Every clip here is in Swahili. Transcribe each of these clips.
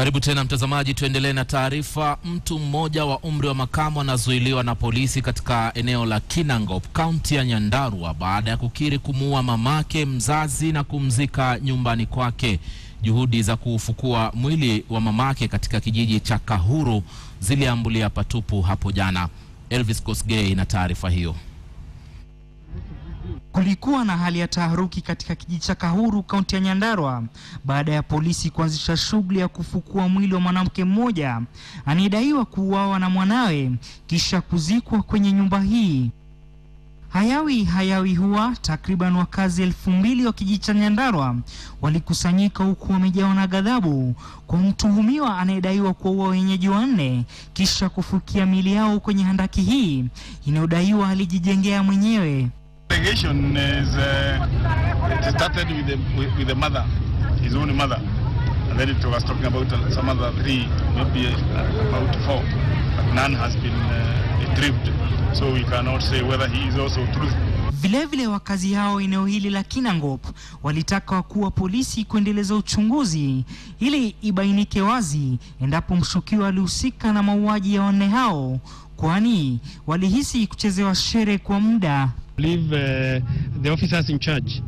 Karibu tena mtazamaji, tuendelee na taarifa. Mtu mmoja wa umri wa makamo anazuiliwa na polisi katika eneo la Kinangop, kaunti ya Nyandarua baada ya kukiri kumuua mamake mzazi na kumzika nyumbani kwake. Juhudi za kuufukua mwili wa mamake katika kijiji cha Kahuru ziliambulia patupu hapo jana. Elvis Kosgei na taarifa hiyo. Kulikuwa na hali ya taharuki katika kijiji cha Kahuru, kaunti ya Nyandarua, baada ya polisi kuanzisha shughuli ya kufukua mwili wa mwanamke mmoja anayedaiwa kuuawa na mwanawe kisha kuzikwa kwenye nyumba hii. Hayawi hayawi huwa takriban wakazi elfu mbili wa kijiji cha Nyandarua walikusanyika huku wamejawa na ghadhabu kwa mtuhumiwa anayedaiwa kuwaua wenyeji wanne kisha kufukia mili yao kwenye handaki hii inayodaiwa alijijengea mwenyewe investigation is uh, it started with the, with, with the mother, his own mother. And then it was talking about uh, some other three, maybe uh, about four. But none has been uh, retrieved. So we cannot say whether he is also truth. Vile vile wakazi hao eneo hili la Kinangop walitaka wakuu wa polisi kuendeleza uchunguzi ili ibainike wazi endapo mshukiwa alihusika na mauaji ya wanne hao, kwani walihisi kuchezewa shere kwa muda. Leave uh, the officers in charge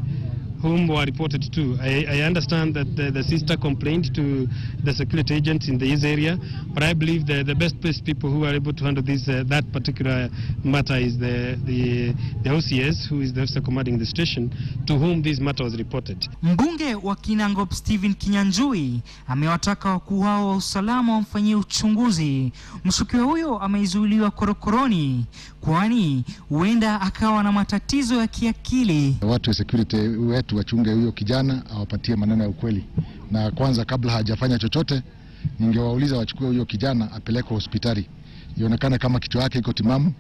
whom were reported to. I, I understand that the, the, sister complained to the security agents in this area, but I believe the, the best place people who are able to handle this uh, that particular matter is the, the, the OCS, who is the officer commanding the station, to whom this matter was reported. Mbunge wa Kinangop Stephen Kinyanjui amewataka wakuu hao wa usalama wamfanyie uchunguzi. Mshukiwa huyo ameizuiliwa korokoroni, kwani huenda akawa na matatizo ya kiakili. Watu security wetu tuwachunge huyo kijana, awapatie maneno ya ukweli, na kwanza kabla hajafanya chochote, ningewauliza wachukue huyo kijana apelekwe hospitali ionekane kama kichwa yake iko timamu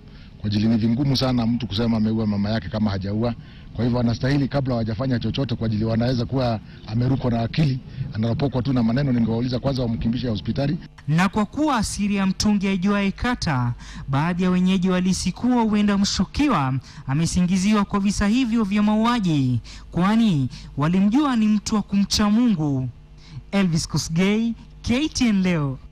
kwa ajili ni vingumu sana mtu kusema ameua mama yake kama hajaua. Kwa hivyo anastahili kabla hawajafanya chochote, kwa ajili wanaweza kuwa amerukwa na akili, anaropokwa tu na maneno. Ningewauliza kwanza wamkimbishe hospitali. Na kwa kuwa asiri ya mtungi aijuae kata, baadhi ya wenyeji walisi kuwa huenda mshukiwa amesingiziwa kwa visa hivyo vya mauaji, kwani walimjua ni mtu wa kumcha Mungu. Elvis Kusgei, KTN leo.